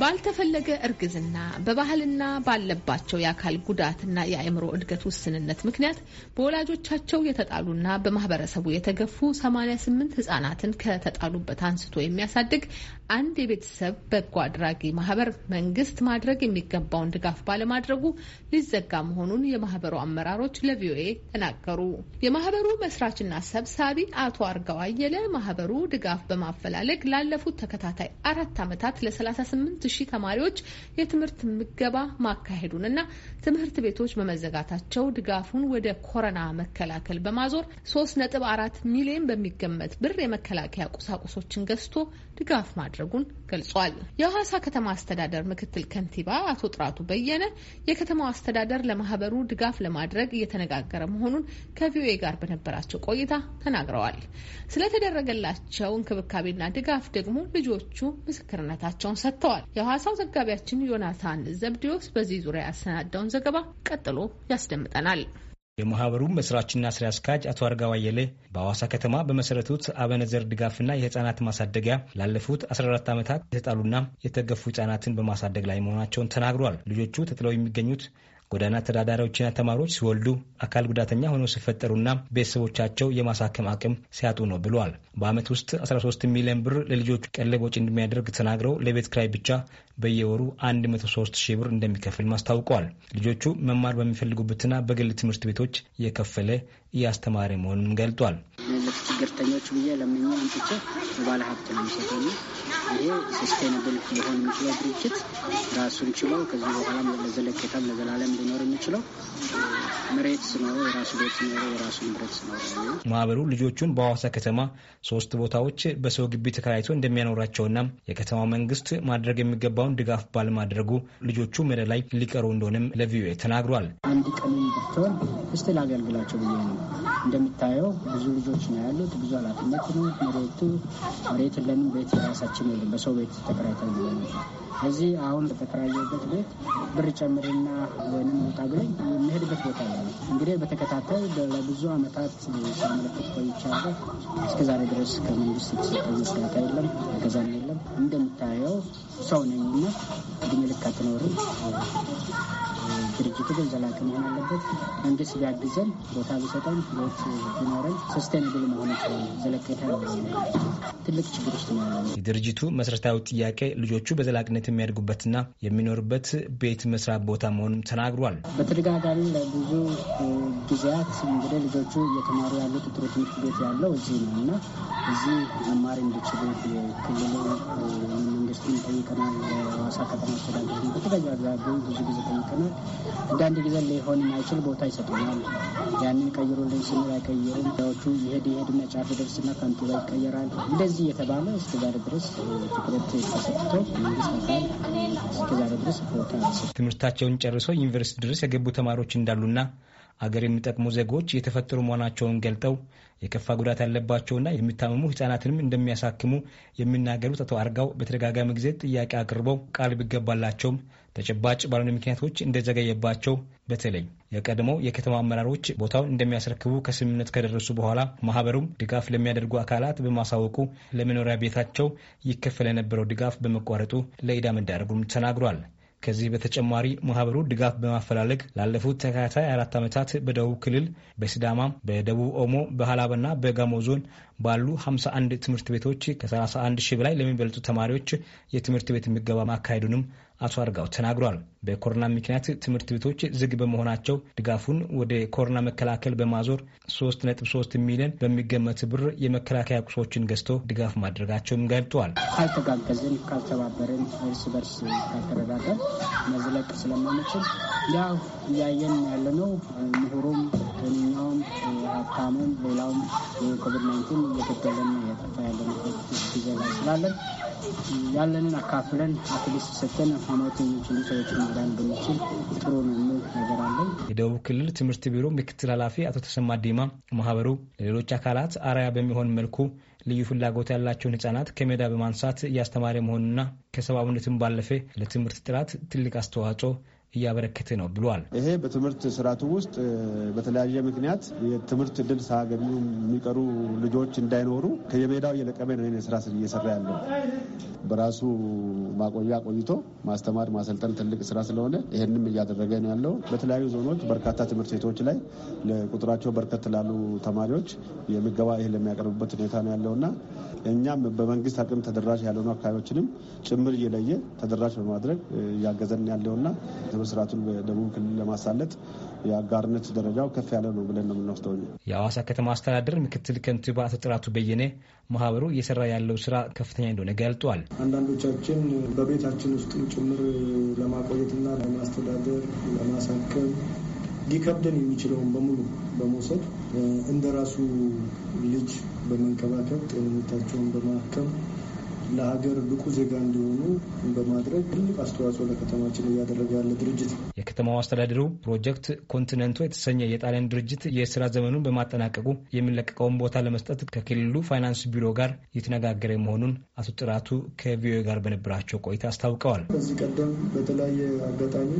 ባልተፈለገ እርግዝና በባህልና ባለባቸው የአካል ጉዳትና የአእምሮ እድገት ውስንነት ምክንያት በወላጆቻቸው የተጣሉና በማህበረሰቡ የተገፉ 88 ህጻናትን ከተጣሉበት አንስቶ የሚያሳድግ አንድ የቤተሰብ በጎ አድራጊ ማህበር መንግስት ማድረግ የሚገባውን ድጋፍ ባለማድረጉ ሊዘጋ መሆኑን የማህበሩ አመራሮች ለቪኦኤ ተናገሩ። የማህበሩ መስራችና ሰብሳቢ አቶ አርጋው አየለ ማህበሩ ድጋፍ በማፈላለግ ላለፉት ተከታታይ አራት ዓመታት ለ38 ሺህ ተማሪዎች የትምህርት ምገባ ማካሄዱን እና ትምህርት ቤቶች በመዘጋታቸው ድጋፉን ወደ ኮረና መከላከል በማዞር ሶስት ነጥብ አራት ሚሊዮን በሚገመት ብር የመከላከያ ቁሳቁሶችን ገዝቶ ድጋፍ ማድረጉን ገልጿል። የሐዋሳ ከተማ አስተዳደር ምክትል ከንቲባ አቶ ጥራቱ በየነ የከተማው አስተዳደር ለማህበሩ ድጋፍ ለማድረግ እየተነጋገረ መሆኑን ከቪኦኤ ጋር በነበራቸው ቆይታ ተናግረዋል። ስለተደረገላቸው እንክብካቤና ድጋፍ ደግሞ ልጆቹ ምስክርነታቸውን ሰጥተዋል። የሐዋሳው ዘጋቢያችን ዮናታን ዘብዲዎስ በዚህ ዙሪያ ያሰናዳውን ዘገባ ቀጥሎ ያስደምጠናል። የማህበሩ መስራችና ስራ አስኪያጅ አቶ አርጋ ዋየለ በሐዋሳ ከተማ በመሰረቱት አበነዘር ድጋፍና የህፃናት ማሳደጊያ ላለፉት 14 ዓመታት የተጣሉና የተገፉ ህፃናትን በማሳደግ ላይ መሆናቸውን ተናግሯል። ልጆቹ ተጥለው የሚገኙት ጎዳና ተዳዳሪዎችና ተማሪዎች ሲወልዱ አካል ጉዳተኛ ሆነው ሲፈጠሩና ቤተሰቦቻቸው የማሳከም አቅም ሲያጡ ነው ብለዋል። በዓመት ውስጥ 13 ሚሊዮን ብር ለልጆቹ ቀለብ ወጪ እንደሚያደርግ ተናግረው ለቤት ክራይ ብቻ በየወሩ 103 ሺህ ብር እንደሚከፍል ማስታውቀዋል። ልጆቹ መማር በሚፈልጉበትና በግል ትምህርት ቤቶች የከፈለ እያስተማረ መሆኑን ገልጧል። ችግርተኞች ብዬ ለምኛ አንጥቼ ባለ ሀብት ነው የሚሰጠኝ። ይሄ ሰስቴናብል ሊሆን የሚችለው ድርጅት ራሱን ችለው ከዚህ በኋላም ለዘለቄታም ለዘላለም ሊኖር የሚችለው መሬት ስኖረ የራሱ ቤት ስኖረ የራሱ ንብረት ስኖረ። ማህበሩ ልጆቹን በሐዋሳ ከተማ ሶስት ቦታዎች በሰው ግቢ ተከራይቶ እንደሚያኖራቸውና የከተማ መንግስት ማድረግ የሚገባውን ድጋፍ ባለማድረጉ ልጆቹ መደ ላይ ሊቀሩ እንደሆነም ለቪኦኤ ተናግሯል። አንድ ቀን ብትሆን እስቲል አገልግላቸው ብዬ ነው እንደምታየው ብዙ ልጆች ነው ያሉት። ብዙ ኃላፊነት ነው። መሬቱ መሬት ለምን ቤት የራሳችን የለም። በሰው ቤት ተከራይተን እዚህ አሁን በተከራየበት ቤት ብር ጨምርና ወይንም ውጣ ብለኝ የሚሄድበት ቦታ ያለ እንግዲህ በተከታታይ ለብዙ ዓመታት ሳመለክት ቆይቻለሁ። እስከዛሬ ድረስ ከመንግስት የተሰጠ መስጋታ የለም፣ ገዛም የለም። እንደምታየው ሰው ነኝና እድሜ ልክ አትኖርም። ድርጅቱ ግን ዘላቂ መሆን አለበት። መንግስት ቢያግዘን ቦታ ቢሰጠን ህይወት ቢኖረን ሰስቴንብል መሆን ይችላል። ዘለቄታ ትልቅ ችግር ውስጥ ነው ያለ። የድርጅቱ መሰረታዊ ጥያቄ ልጆቹ በዘላቂነት የሚያድጉበትና የሚኖርበት ቤት መስራት ቦታ መሆኑም ተናግሯል። በተደጋጋሚ ለብዙ ጊዜያት እንግዲህ ልጆቹ እየተማሩ ያሉት ጥሩ ትምህርት ቤት ያለው እዚህ ነው እና እዚህ መማር እንዲችሉ የክልሉ መንግስቱን ጠይቀናል። ዋሳ ከተማ አስተዳደር በተደጋጋሚ ብዙ ጊዜ ጠይቀናል። እንደ ጊዜ ሊሆን የማይችል ቦታ ይሰጡናል። ያንን ቀይሩልኝ ስንል አይቀይሩም። ዎቹ ይሄድ ይሄድና ጫፍ ደርስና ላይ ይቀየራል። እንደዚህ የተባለ እስከዛሬ ድረስ ትኩረት ተሰጥቶ መንግስት አካል እስከዛሬ ድረስ ቦታ ትምህርታቸውን ጨርሶ ዩኒቨርሲቲ ድረስ የገቡ ተማሪዎች እንዳሉና አገር የሚጠቅሙ ዜጎች የተፈጠሩ መሆናቸውን ገልጠው የከፋ ጉዳት ያለባቸውና የሚታመሙ ህጻናትንም እንደሚያሳክሙ የሚናገሩት አቶ አርጋው በተደጋጋሚ ጊዜ ጥያቄ አቅርበው ቃል ቢገባላቸውም ተጨባጭ ባልሆነ ምክንያቶች እንደዘገየባቸው በተለይ የቀድሞ የከተማ አመራሮች ቦታውን እንደሚያስረክቡ ከስምምነት ከደረሱ በኋላ ማህበሩም ድጋፍ ለሚያደርጉ አካላት በማሳወቁ ለመኖሪያ ቤታቸው ይከፈል የነበረው ድጋፍ በመቋረጡ ለዕዳ መዳረጉም ተናግሯል። ከዚህ በተጨማሪ ማህበሩ ድጋፍ በማፈላለግ ላለፉት ተከታታይ አራት ዓመታት በደቡብ ክልል በሲዳማ፣ በደቡብ ኦሞ፣ በሀላባና በጋሞ ዞን ባሉ 51 ትምህርት ቤቶች ከ31 ሺህ በላይ ለሚበልጡ ተማሪዎች የትምህርት ቤት ምገባ ማካሄዱንም አቶ አርጋው ተናግሯል። በኮሮና ምክንያት ትምህርት ቤቶች ዝግ በመሆናቸው ድጋፉን ወደ ኮሮና መከላከል በማዞር 3.3 ሚሊዮን በሚገመት ብር የመከላከያ ቁሶችን ገዝቶ ድጋፍ ማድረጋቸውም ገልጠዋል። ካልተጋገዝን፣ ካልተባበርን፣ እርስ በርስ ካልተረዳዳን መዝለቅ ስለማንችል ያው እያየን ያለነው ምሁሩም ዓለም ሌላውም የኮቪድ ናይንቲን እየገደለን እየጠፋ ያለንበት ጊዜ ላይ ስላለን ያለንን አካፍለን አትሊስት ሰተን ሃይማኖት የሚችሉ ሰዎች ማዳን ብንችል ጥሩ ነው ነገር አለን። የደቡብ ክልል ትምህርት ቢሮ ምክትል ኃላፊ አቶ ተሰማ ዲማ ማህበሩ ለሌሎች አካላት አርአያ በሚሆን መልኩ ልዩ ፍላጎት ያላቸውን ህጻናት ከሜዳ በማንሳት እያስተማረ መሆኑና ከሰብአዊነትም ባለፈ ለትምህርት ጥራት ትልቅ አስተዋጽኦ እያበረከተ ነው ብሏል። ይሄ በትምህርት ስርዓቱ ውስጥ በተለያየ ምክንያት የትምህርት እድል ሳያገኙ የሚቀሩ ልጆች እንዳይኖሩ ከየሜዳው እየለቀመ ነው ስራ እየሰራ ያለው በራሱ ማቆያ ቆይቶ ማስተማር ማሰልጠን ትልቅ ስራ ስለሆነ ይህንም እያደረገ ነው ያለው። በተለያዩ ዞኖች በርካታ ትምህርት ቤቶች ላይ ለቁጥራቸው በርከት ላሉ ተማሪዎች የምገባ ይህ ለሚያቀርቡበት ሁኔታ ነው ያለውና እኛም በመንግስት አቅም ተደራሽ ያልሆኑ አካባቢዎችንም ጭምር እየለየ ተደራሽ በማድረግ እያገዘን ያለውና የትምህርት ስርዓቱን በደቡብ ክልል ለማሳለጥ የአጋርነት ደረጃው ከፍ ያለ ነው ብለን ነው የምንወስደው። የአዋሳ ከተማ አስተዳደር ምክትል ከንቲባ አቶ ጥራቱ በየነ ማህበሩ እየሰራ ያለው ስራ ከፍተኛ እንደሆነ ገልጧል። አንዳንዶቻችን በቤታችን ውስጥም ጭምር ለማቆየትና ለማስተዳደር ለማሳከም ሊከብደን የሚችለውን በሙሉ በመውሰድ እንደ ራሱ ልጅ በመንከባከብ ጤንነታቸውን በማከም ለሀገር ብቁ ዜጋ እንዲሆኑ በማድረግ ትልቅ አስተዋጽኦ ለከተማችን እያደረገ ያለ ድርጅት ነው። የከተማው አስተዳደሩ ፕሮጀክት ኮንቲነንቱ የተሰኘ የጣሊያን ድርጅት የስራ ዘመኑን በማጠናቀቁ የሚለቀቀውን ቦታ ለመስጠት ከክልሉ ፋይናንስ ቢሮ ጋር የተነጋገረ መሆኑን አቶ ጥራቱ ከቪኦኤ ጋር በነበራቸው ቆይታ አስታውቀዋል። ከዚህ ቀደም በተለያየ አጋጣሚ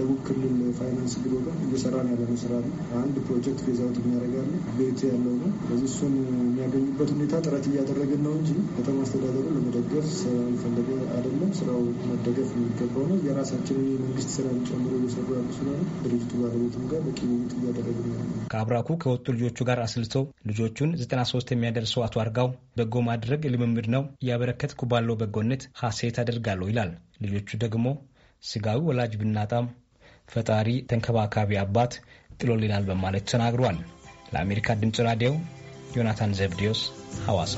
ደቡብ ክልል ፋይናንስ ቢሮ ጋር እየሰራ ነው ያለነው ስራ አንድ ፕሮጀክት ፌዛውት የሚያደርጋለ ቤት ያለው ነው። በዚህ እሱን የሚያገኙበት ሁኔታ ጥረት እያደረግን ነው እንጂ ከተማ አስተዳደሩ መደገፍ ስላልፈለገ አይደለም። ስራው መደገፍ የሚገባው ነው። የራሳችንን የመንግስት ስራን ጨምሮ እየሰሩ ያሉ ስላሉ ድርጅቱ ባለቤትም ጋር በቂ ውይይት እያደረግ ነው። ከአብራኩ ከወጡ ልጆቹ ጋር አስልተው ልጆቹን 93 የሚያደርሰው አቶ አርጋው በጎ ማድረግ ልምምድ ነው እያበረከትኩ ባለው በጎነት ሀሴት አደርጋለሁ ይላል። ልጆቹ ደግሞ ስጋዊ ወላጅ ብናጣም ፈጣሪ ተንከባካቢ አባት ጥሎልናል በማለት ተናግሯል። ለአሜሪካ ድምፅ ራዲዮ ዮናታን ዘብዲዮስ ሐዋሳ